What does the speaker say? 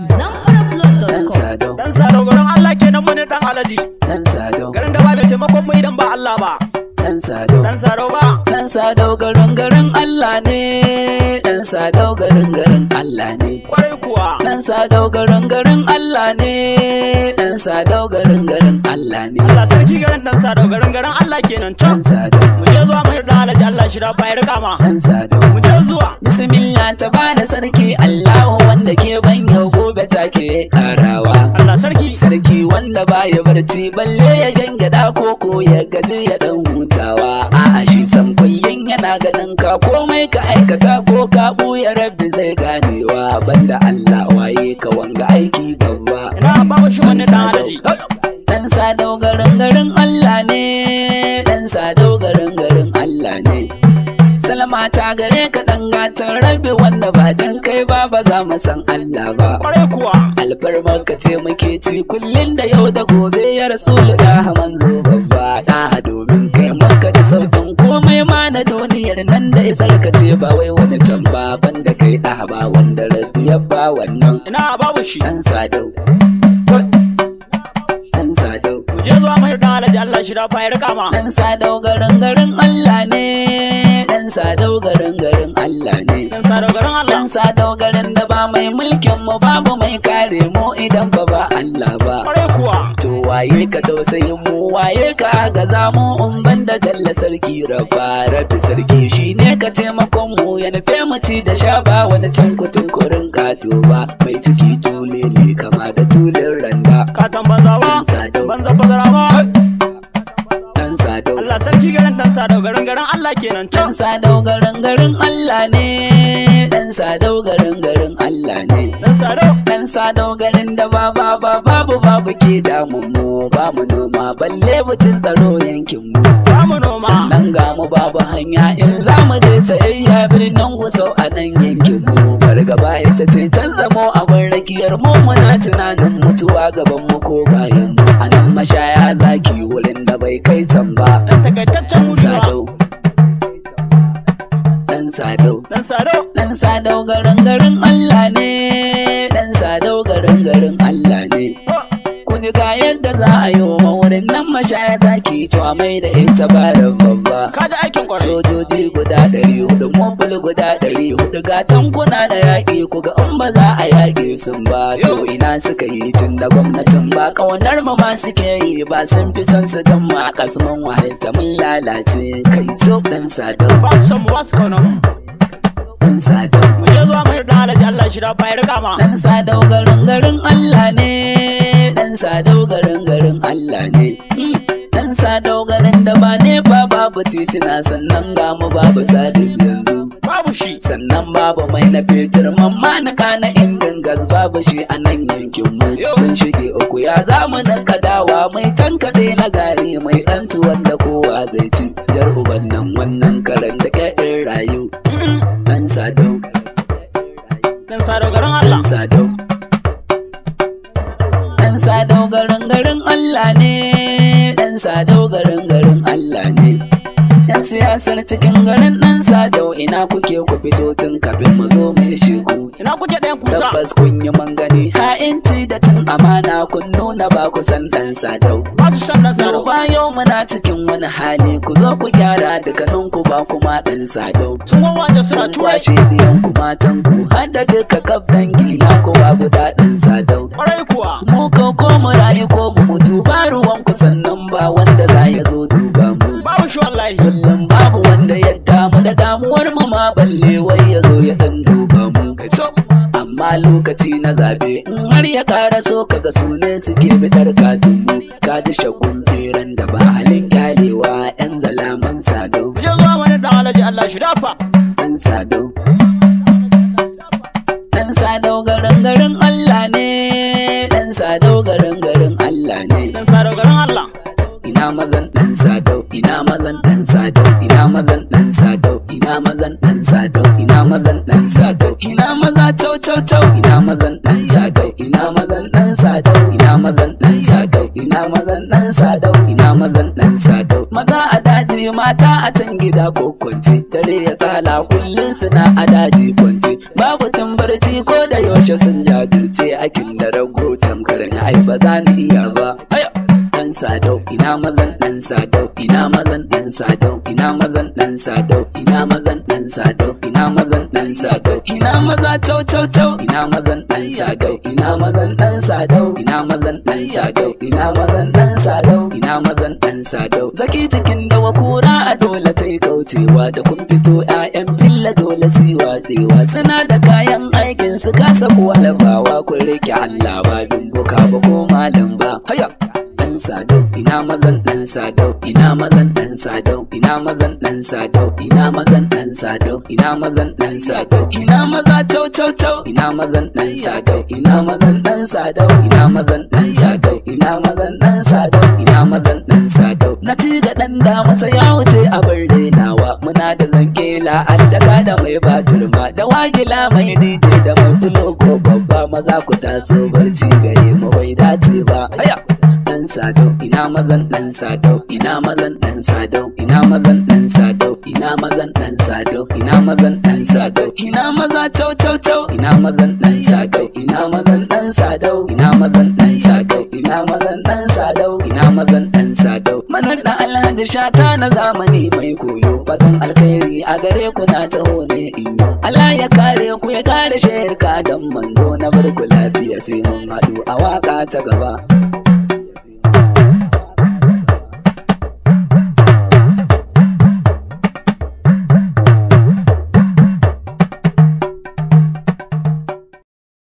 Dan sado garin Allah kenan mu ne dan alaji. Dan sado. Garin da ba bai taimakon mu idan ba Allah ba. ɗan sadau ɗan sado ba garin garin Allah ne ɗan sadau garin garin Allah ne kwarai kuwa ɗan sadau garin garin Allah ne ɗan sadau garin garin Allah ne Allah sarki garin ɗan sadau garin garin Allah kenan can ɗan sadau mu je zuwa mai da alaji Allah shi da bayar kama ɗan sadau mu je zuwa bismillah ta bada sarki Allah wanda ke ban yau gobe take karawa Allah sarki sarki wanda baya barci balle ya gangada koko ya gaji ya dan ganin ka komai ka aikata ko ka buya rabbi zai ganewa banda Allah waye ka wanga aiki babba dan sadau garin garin Allah ne dan sadau garin garin Allah ne salama ta gare ka dan gatan rabi wanda ba dan kai ba ba za mu san Allah ba Alfarma alfarmar ka ce muke ci kullun da yau da gobe ya rasul da manzo wanda ya sarkace ba wai wani can ba banda kai ɗaha ba wanda rabi ya ba wannan ina babu shi dan sadau dan sadau ku je zuwa mai da alaji Allah shi da fayar kama dan sadau garin garin Allah ne dan sadau garin garin Allah ne dan sadau garin Allah dan sadau garin da ba mai mulkin mu babu mai kare mu idan ba ba Allah waye ka tausayin mu waye ka gaza mu in ban da jalla sarki rabba rabbi sarki shi ne ka taimakon mu ya nufe mace da sha ba wani tankutin kurin gato ba mai ciki tule ne kama da tulin randa kakan banzawa banza bazarawa dan sadau Allah sarki garin dan sadau garin Allah kenan can sadau garin garin Allah ne dan sadau garin garin Allah ne dan sadau dan garin da ba ba ba babu babu ke damu mu ba mu noma balle mutun tsaro yankin mu ba mu noma sannan ga mu babu hanya in za mu je sayayya birnin gusau a nan yankin mu gaba ita ce tan zamo abin rakiyar mu muna tunanin mutuwa gaban mu ko bayan mu a nan mashaya zaki wurin da bai kai can ba takaitaccen sadau dan Sado, dan Sado, garin garin Allah ne dan sadau garin garin Allah ne ku ji ga yadda za a yi wa wurin nan mashaya zaki cewa mai da ita barin babba sojoji guda ɗari hudu mobul guda yaƙi hudu ga tankuna da yaƙi ku ga in ba za a yaƙi sun ba to ina suka yi tun da gwamnatin ba kawanar mu ma suke yi ba sun fi son su gan ma kasman wahalta mun lalace kai so dan sadau ba dan sadau mu je zuwa mai da Allah Allah shi da bayar kama dan sadau garin garin Allah ne dan sadau garin garin Allah ne sa garin da ba ne ba babu titina sannan ga mu babu sadis yanzu babu shi sannan babu mai na fetur mamma na kana injin gas babu shi a nan yankin mu mun shige uku ya zamanin kadawa mai tankaɗe na gari mai ɗan tuwon da kowa zai ci jar uban nan wannan karan da ƙyaƙin rayu ɗan Sado dan sado garin Allah dan sado dan sado garin garin Allah ne ɗan sado garin garin Allah ne ɗan siyasar cikin garin ɗan Sado. ina kuke ku fito tun kafin mu zo mu shigo ina kuke ɗayan kusa tabbas kun yi mangani inti da tun amana kun nuna ba ku san dan sadau ba su san dan sadau ba yau muna cikin wani hali ku zo ku gyara dukkanin ku ba kuma dan sadau sun wawaje suna tuwa shi biyan ku matan ku har da duka kaf dangi na ku ba guda dan sadau kwarai kuwa mu ko ko mu rayu ko mu amma lokaci na zabe in har ya kara so kaga sune suke bidar katin mu ka ji shagun beran da ba halin kalewa yan zalaman sado ya zo mana da alaji Allah shi dafa dan sado dan sado garin garin Allah ne dan sado garin garin Allah ne dan sado garin Allah ina mazan dan sado ina mazan dan sado ina mazan dan sado ina mazan dan sado ina mazan dan sado ina maza chau chau chau ina mazan dan sado ina mazan dan sado ina mazan dan sado ina mazan dan sado ina mazan dan sado maza a daji mata a can gida ko kwance dare ya tsala kullun suna a daji kwance babu tumbarci ko da yaushe sun jajirce akin da rago tamkar ai ba za ni iya ba dan sadau ina mazan dan sadau ina mazan dan sadau ina mazan dan sadau ina mazan dan sadau ina mazan dan sadau ina maza chau chau chau ina mazan dan sadau ina mazan dan sadau ina mazan dan sadau ina mazan dan sadau ina mazan dan sadau zaki cikin da wakura a dole tai kaucewa da kun fito ƴaƴan filla dole siwa siwa suna da kayan aikin su kasa kuwa labawa kun rike Allah ba bin buka ba ko malam ba haya dan sado ina mazan dan sado ina mazan dan sado ina mazan dan sado ina mazan dan sado ina mazan dan sado ina maza chau chau chau ina mazan dan sado ina mazan dan sado ina mazan dan sado ina mazan dan sado ina mazan dan sado na ci ga dan da masa ya wuce a barde nawa muna da zankela daga da mai batulma da wagila mai dije da mai fulo ko babba maza ku taso barci gare mu bai dace ba dan sadau ina mazan dan sadau ina mazan dan sadau ina mazan dan sadau ina mazan dan sadau ina mazan dan sadau ina maza chau chau chau ina mazan dan sadau ina mazan dan sadau ina mazan dan sadau ina mazan dan sadau ina mazan dan sadau manar da alhaji shata na zamani mai koyo fatan alkhairi a gare ku na taho ne in Allah ya kare ku ya kare ka dan manzo na barku lafiya sai mun hadu a waka ta gaba